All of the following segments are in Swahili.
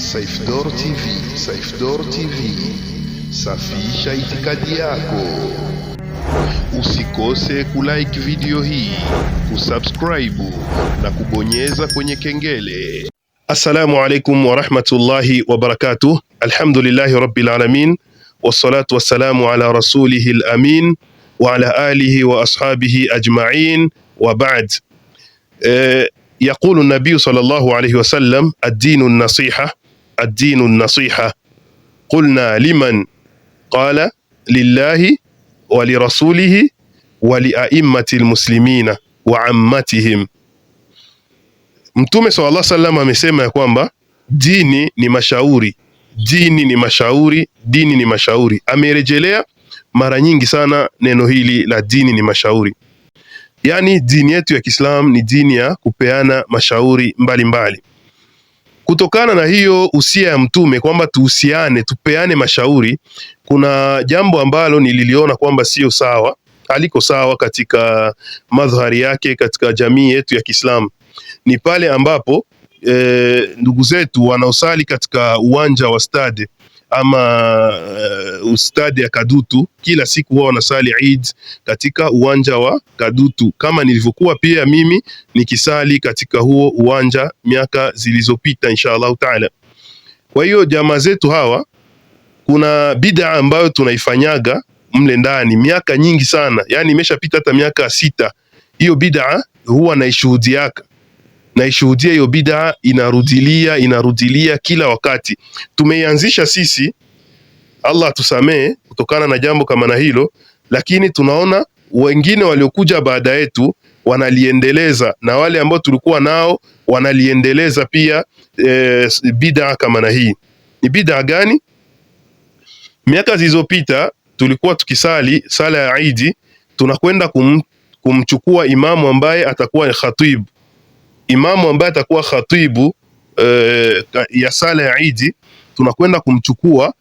Saifdor TV, Saifdor TV, safisha itikadi yako. Usikose kulike video hii, kusubscribe na kubonyeza kwenye kengele. Assalamu alaikum warahmatullahi wabarakatuh. Alhamdulillahi rabbil alamin wassalatu wassalamu ala rasulihi alamin wa ala alihi wa ashabihi ajma'in wa ba'd. E, yaqulu nabiyu sallallahu alayhi wasallam ad-dinu an-nasiha ad nasiha qulna liman qala lillahi wa lirasulihi wa liaimmati lmuslimina wa ammatihim. Mtume sallallahu alaihi wasallam amesema ya kwamba dini ni mashauri, dini ni mashauri, dini ni mashauri. Amerejelea mara nyingi sana neno hili la dini ni mashauri. Yaani, dini yetu ya Kiislamu ni dini ya kupeana mashauri mbalimbali mbali. Kutokana na hiyo usia ya Mtume kwamba tuhusiane, tupeane mashauri, kuna jambo ambalo nililiona kwamba sio sawa, aliko sawa katika madhari yake katika jamii yetu ya Kiislamu ni pale ambapo e, ndugu zetu wanaosali katika uwanja wa stade ama uh, ustadi ya Kadutu, kila siku wao wanasali Eid katika uwanja wa Kadutu, kama nilivyokuwa pia mimi nikisali katika huo uwanja miaka zilizopita, insha Allahu taala. Kwa hiyo jamaa zetu hawa, kuna bid'a ambayo tunaifanyaga mle ndani miaka nyingi sana, yani imeshapita hata miaka sita. Hiyo bid'a huwa naishuhudiaka naishuhudia hiyo bid'a inarudilia inarudilia kila wakati. Tumeianzisha sisi, Allah atusamee kutokana na jambo kama na hilo, lakini tunaona wengine waliokuja baada yetu wanaliendeleza na wale ambao tulikuwa nao wanaliendeleza pia. E, bid'a kama na hii ni bid'a gani? Miaka zilizopita tulikuwa tukisali sala ya Eid, tunakwenda kum, kumchukua imamu ambaye atakuwa ni khatibu imamu ambaye atakuwa khatibu eh, ya sala ya Idi, tunakwenda kumchukua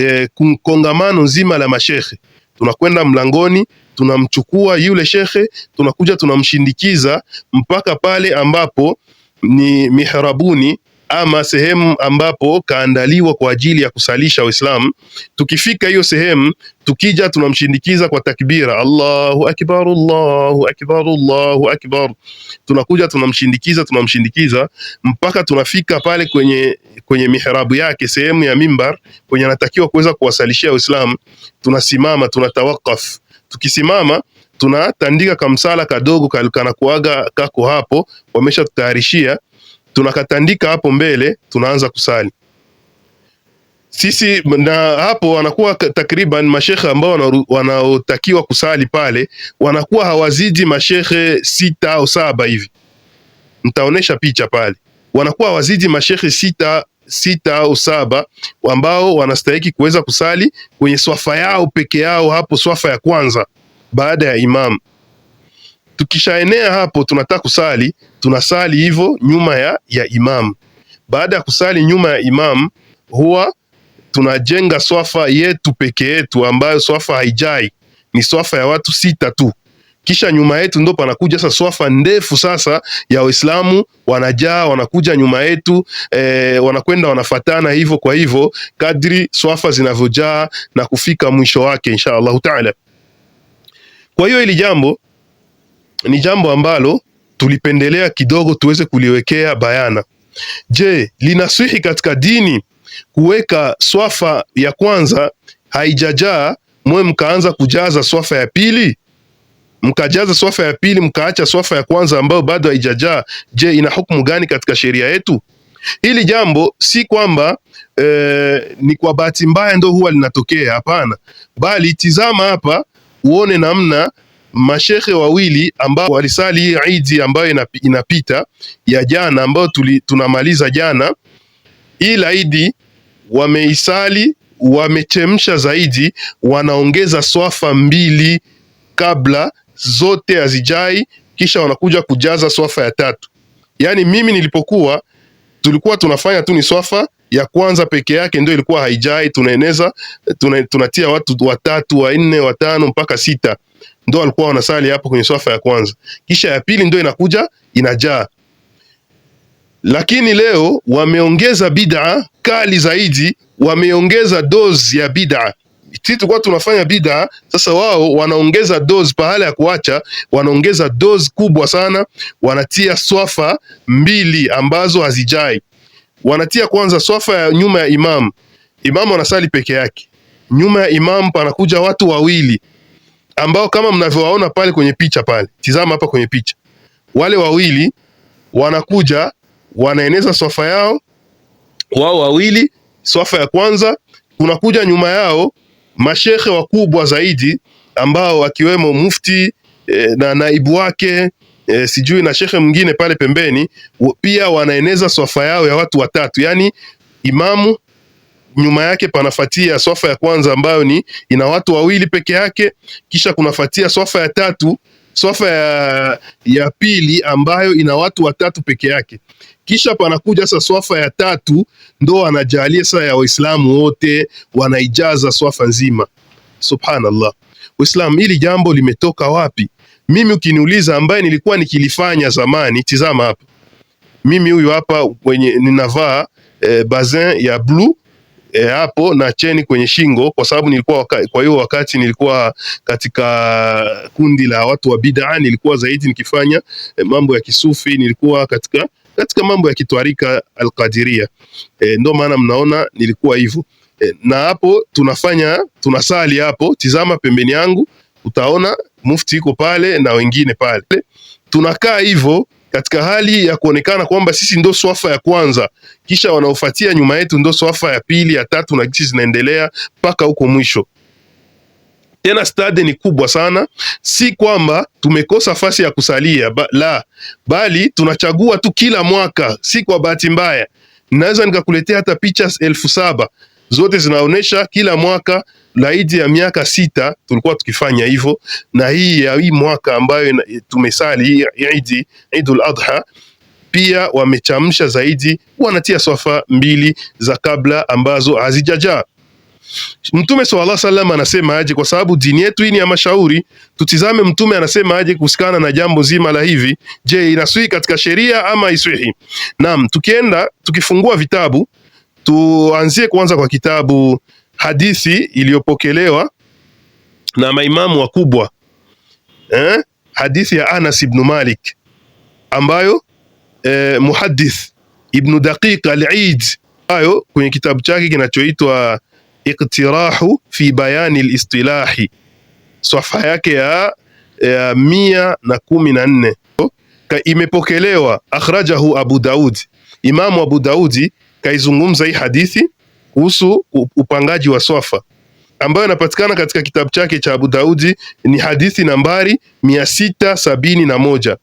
eh, kongamano nzima la mashekhe, tunakwenda mlangoni, tunamchukua yule shekhe, tunakuja tunamshindikiza mpaka pale ambapo ni mihrabuni ama sehemu ambapo kaandaliwa kwa ajili ya kusalisha Uislamu. Tukifika hiyo sehemu, tukija tunamshindikiza kwa takbira, Allahu akbar, Allahu akbar, Allahu akbar. Tunakuja tunamshindikiza, tunamshindikiza mpaka tunafika pale kwenye kwenye mihrabu yake, sehemu ya mimbar kwenye anatakiwa kuweza kuwasalishia Uislamu. Tunasimama, tunatawakaf. Tukisimama tunatandika kamsala kadogo kalkanakuaga kako hapo, wameshatutayarishia tunakatandika hapo mbele, tunaanza kusali sisi na hapo wanakuwa takriban mashekhe ambao wanaotakiwa kusali pale wanakuwa hawazidi mashekhe sita au saba hivi. Nitaonesha picha pale, wanakuwa hawazidi mashekhe sita, sita au saba ambao wanastahiki kuweza kusali kwenye swafa yao peke yao, hapo swafa ya kwanza baada ya imamu. Tukishaenea hapo, tunataka kusali, tunasali hivyo nyuma ya, ya imam. Baada ya kusali nyuma ya imam, huwa tunajenga swafa yetu peke yetu, ambayo swafa haijai, ni swafa ya watu sita tu. Kisha nyuma yetu ndo panakuja sasa swafa ndefu sasa ya Waislamu wanajaa, wanakuja nyuma yetu e, wanakwenda wanafatana hivyo kwa hivyo, kadri swafa zinavyojaa na kufika mwisho wake insha Allahu taala. Kwa hiyo hili jambo ni jambo ambalo tulipendelea kidogo tuweze kuliwekea bayana. Je, linaswihi katika dini kuweka swafa ya kwanza haijajaa, mwe mkaanza kujaza swafa ya pili, mkajaza swafa ya pili mkaacha swafa ya kwanza ambayo bado haijajaa? Je, ina hukumu gani katika sheria yetu? Hili jambo si kwamba e, ni kwa bahati mbaya ndo huwa linatokea. Hapana, bali tizama hapa uone namna mashehe wawili ambao walisali hii Idi ambayo inapita ya jana, ambayo tunamaliza jana, hii Idi wameisali wamechemsha zaidi, wanaongeza swafa mbili kabla zote hazijai, kisha wanakuja kujaza swafa ya tatu. Yaani mimi nilipokuwa tulikuwa tunafanya tu ni swafa ya kwanza peke yake ndio ilikuwa haijai, tunaeneza tuna, tunatia watu watatu wanne watano mpaka sita ndio walikuwa wanasali hapo kwenye swafa ya kwanza, kisha ya pili ndio inakuja inajaa. Lakini leo wameongeza bid'a kali zaidi, wameongeza dozi ya bid'a. Sisi tulikuwa tunafanya bid'a, sasa wao wanaongeza dozi, pahala ya kuacha wanaongeza dozi kubwa sana, wanatia swafa mbili ambazo hazijai wanatia kwanza swafa ya nyuma ya imam. Imam anasali peke yake, nyuma ya imam panakuja watu wawili ambao kama mnavyowaona pale kwenye picha pale, tizama hapa kwenye picha, wale wawili wanakuja wanaeneza swafa yao wao wawili, swafa ya kwanza. Kunakuja nyuma yao mashehe wakubwa zaidi ambao akiwemo mufti e, na naibu wake e, sijui na shekhe mwingine pale pembeni, pia wanaeneza swafa yao ya watu watatu, yani imamu nyuma yake panafatia swafa ya kwanza ambayo ni ina watu wawili peke yake, kisha kunafatia swafa ya tatu, swafa ya, ya pili ambayo ina watu watatu peke yake, kisha panakuja sasa swafa ya tatu, ndo wanajalia sasa ya Waislamu wote wanaijaza swafa nzima. Subhanallah, Uislamu hili jambo limetoka wapi? Mimi ukiniuliza ambaye nilikuwa nikilifanya zamani, tizama hapa, mimi huyu hapa kwenye ninavaa e, eh, bazin ya blue e, hapo na cheni kwenye shingo, kwa sababu nilikuwa waka, kwa hiyo wakati nilikuwa katika kundi la watu wa bid'a, nilikuwa zaidi nikifanya e, mambo ya kisufi, nilikuwa katika katika mambo ya kitwarika Alqadiria e, ndio maana mnaona nilikuwa hivyo e, na hapo tunafanya tunasali hapo, tizama pembeni yangu utaona mufti iko pale na wengine pale. Tunakaa hivyo katika hali ya kuonekana kwamba sisi ndo swafa ya kwanza, kisha wanaofuatia nyuma yetu ndo swafa ya pili, ya tatu, na kisi zinaendelea mpaka huko mwisho. Tena stade ni kubwa sana, si kwamba tumekosa fasi ya kusalia ba, la bali tunachagua tu kila mwaka, si kwa bahati mbaya. Naweza nikakuletea hata picha elfu saba zote zinaonyesha kila mwaka laidi ya miaka sita tulikuwa tukifanya hivyo, na hii ya hii mwaka ambayo eh, tumesali Idi Idul Adha pia wamechamsha zaidi, wanatia swafa mbili za kabla ambazo hazijajaa. Mtume sallallahu alaihi wasallam anasema aje? Kwa sababu dini yetu hii ni ya mashauri, tutizame Mtume anasema aje kuhusikana na jambo zima la hivi. Je, inaswihi katika sheria ama iswihi? Naam, tukienda tukifungua vitabu, tuanzie kwanza kwa kitabu hadithi iliyopokelewa na maimamu wakubwa eh? hadithi ya Anas ibn Malik ambayo eh, muhaddith Ibnu Daqiq al-Eid ayo kwenye kitabu chake kinachoitwa Iqtirahu fi bayani listilahi swafa yake ya, ya mia na kumi na nne imepokelewa akhrajahu Abu Daud. Imamu Abu Daudi kaizungumza hii hadithi kuhusu upangaji wa swafa ambayo inapatikana katika kitabu chake cha Abu Daudi ni hadithi nambari mia sita sabini na moja.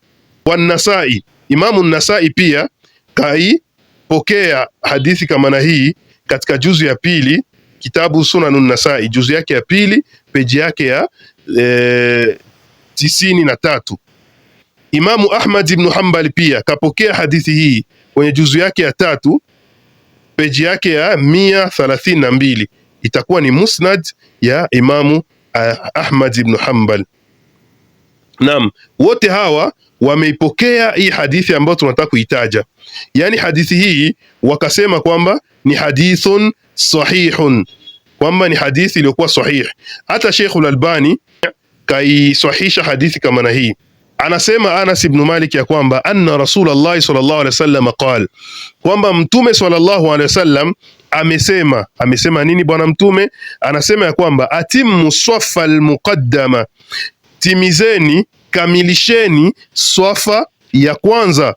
Wanasai, Imamu Nasai pia kaipokea hadithi kama na hii katika juzu ya pili kitabu Sunanun Nasai, juzu yake ya pili peji yake ya e, tisini na tatu. Imamu Ahmad ibn Hanbal pia kapokea hadithi hii kwenye juzu yake ya tatu peji yake ya mia thalathini na mbili itakuwa ni musnad ya Imamu eh, Ahmad ibn Hanbal. Naam, wote hawa wameipokea hii hadithi ambayo tunataka kuitaja, yaani hadithi hii wakasema kwamba ni hadithun sahihun, kwamba ni hadithi iliyokuwa sahihi. Hata Sheikh al-Albani kaisahihisha hadithi kama na hii. Anasema Anas ibn Malik ya kwamba anna Rasulullah sallallahu alaihi wasallam qal kwamba mtume sallallahu alaihi wasallam amesema. Amesema nini bwana mtume? Anasema ya kwamba atimmu swafa almuqaddama, timizeni kamilisheni swafa ya kwanza,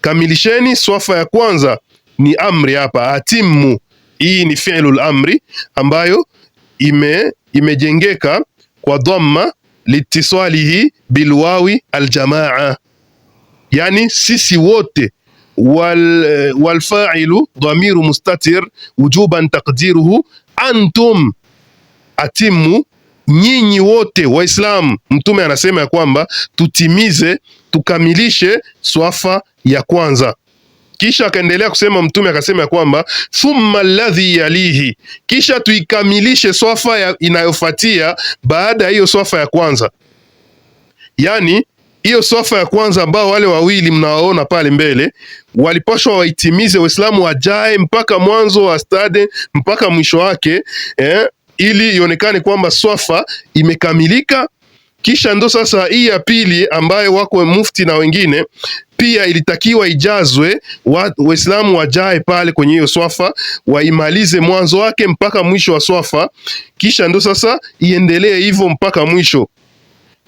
kamilisheni swafa ya kwanza. Ni amri hapa, atimmu hii ni fi'lul amri ambayo ime imejengeka kwa dhamma litisalihi bilwawi aljamaa, yani sisi wote wal, walfailu dhamiru mustatir wujuban taqdiruhu antum atimu nyinyi wote Waislamu. Mtume anasema ya kwamba tutimize tukamilishe swafa ya kwanza. Kisha akaendelea kusema Mtume akasema ya kwamba thumma ladhi yalihi, kisha tuikamilishe swafa inayofuatia baada ya hiyo swafa ya kwanza, yani hiyo swafa ya kwanza ambao wale wawili mnawaona pale mbele walipashwa waitimize, Waislamu wajae mpaka mwanzo wa stade mpaka mwisho wake eh, ili ionekane kwamba swafa imekamilika. Kisha ndo sasa hii ya pili ambayo wako mufti na wengine pia ilitakiwa ijazwe, Waislamu wajae pale kwenye hiyo swafa, waimalize mwanzo wake mpaka mwisho wa swafa, kisha ndo sasa iendelee hivyo mpaka mwisho.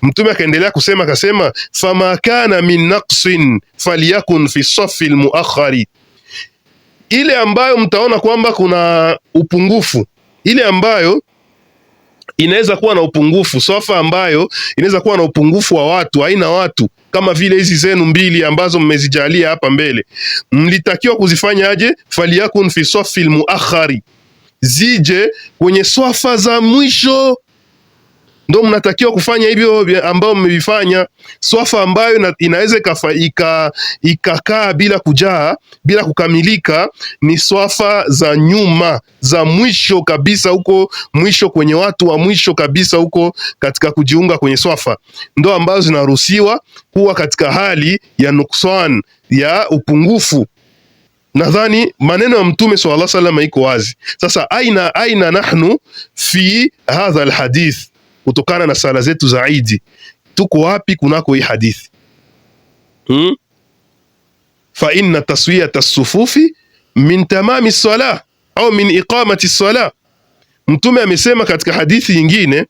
Mtume akaendelea kusema, akasema fama kana min naqsin falyakun fi safi lmuakhari, ile ambayo mtaona kwamba kuna upungufu, ile ambayo inaweza kuwa na upungufu sofa ambayo inaweza kuwa na upungufu wa watu, haina watu kama vile hizi zenu mbili ambazo mmezijalia hapa mbele, mlitakiwa kuzifanyaje? Faliyakun fi safil muakhari, zije kwenye swafa za mwisho ndo mnatakiwa kufanya hivyo ambayo mmevifanya. Swafa ambayo inaweza ikakaa ika bila kujaa bila kukamilika ni swafa za nyuma za mwisho kabisa huko mwisho, kwenye watu wa mwisho kabisa huko katika kujiunga kwenye swafa, ndo ambazo zinaruhusiwa kuwa katika hali ya nuksan ya upungufu. Nadhani maneno ya Mtume sallallahu alaihi wasallam iko wazi. Sasa aina aina nahnu fi hadha alhadith kutokana na sala zetu za Idi. Tuko wapi kunako hii hadithi hmm? fa inna taswiyata sufufi min tamami sala au min iqamati sala. Mtume amesema katika hadithi nyingine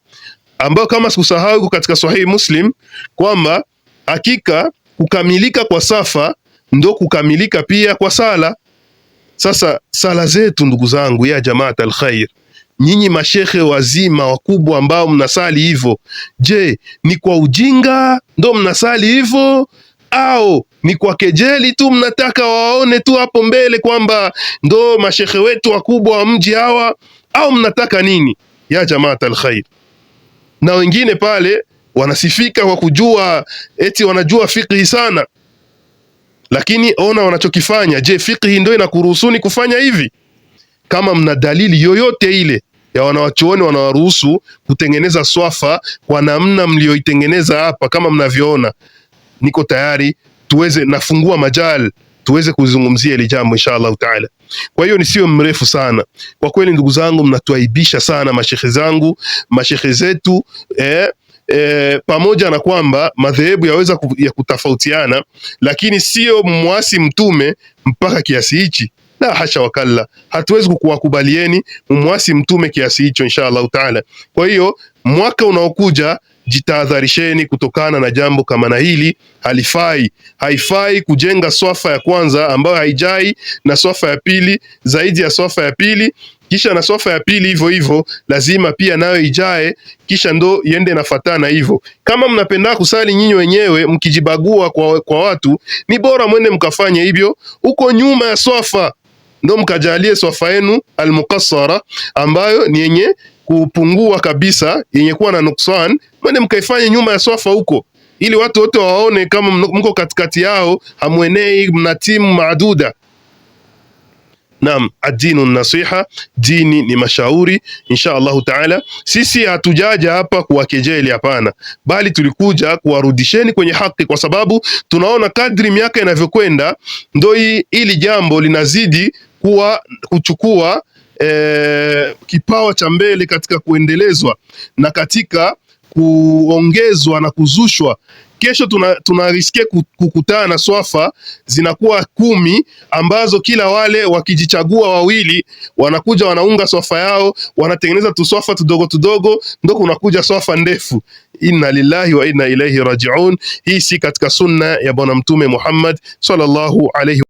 ambayo kama sikusahau iko katika Sahihi Muslim kwamba hakika kukamilika kwa safa ndo kukamilika pia kwa sala. Sasa sala zetu ndugu zangu, ya jamaat alkhair nyinyi mashehe wazima wakubwa ambao mnasali hivyo, je, ni kwa ujinga ndo mnasali hivyo au ni kwa kejeli tu, mnataka waone tu hapo mbele kwamba ndo mashehe wetu wakubwa wa mji hawa, au mnataka nini? Ya jamaata alkhair. Na wengine pale wanasifika kwa kujua eti wanajua fiqhi sana, lakini ona wanachokifanya. Je, fikhi ndo inakuruhusuni kufanya hivi? kama mna dalili yoyote ile ya wanawachuoni wanawaruhusu kutengeneza swafa kwa namna mlioitengeneza hapa, kama mnavyoona, niko tayari tuweze, nafungua majal tuweze kuzungumzia ile jambo insha Allahu taala. Kwa hiyo nisiwe mrefu sana kwa kweli, ndugu zangu, mnatuaibisha sana mashehe zangu, mashehe zetu eh, eh, pamoja na kwamba madhehebu yaweza ya kutofautiana, lakini sio mwasi mtume mpaka kiasi hichi la hasha wakalla, hatuwezi kukuwakubalieni mumwasi mtume kiasi hicho, insha Allahu taala. Kwa hiyo mwaka unaokuja jitahadharisheni kutokana na jambo kama na hili, halifai. Haifai kujenga swafa ya kwanza ambayo haijai na swafa ya pili zaidi ya swafa ya pili kisha na swafa ya pili hivyo hivyo, lazima pia nayo ijae, kisha ndo iende nafatana hivyo. Kama mnapenda kusali nyinyi wenyewe mkijibagua kwa, kwa watu, ni bora mwende mkafanye hivyo huko nyuma ya swafa ndo mkajalie swafa yenu almukassara, ambayo ni yenye kupungua kabisa, yenye kuwa na nuksan, mwende mkaifanye nyuma ya swafa huko, ili watu wote waone kama mko katikati yao, hamwenei, mna timu maduda Naam, adinu nasiha, dini ni mashauri. Insha Allahu taala, sisi hatujaja hapa kuwakejeli, hapana, bali tulikuja kuwarudisheni kwenye haki, kwa sababu tunaona kadri miaka inavyokwenda ndo hii ili jambo linazidi kuwa kuchukua e, kipawa cha mbele katika kuendelezwa na katika kuongezwa na kuzushwa. Kesho tunarisikia tuna kukutana na swafa zinakuwa kumi ambazo kila wale wakijichagua wawili wanakuja wanaunga swafa yao, wanatengeneza tuswafa tudogo tudogo, ndo kunakuja swafa ndefu. Inna lillahi wa inna ilaihi rajiun. Hii si katika sunna ya Bwana Mtume Muhammad sallallahu alayhi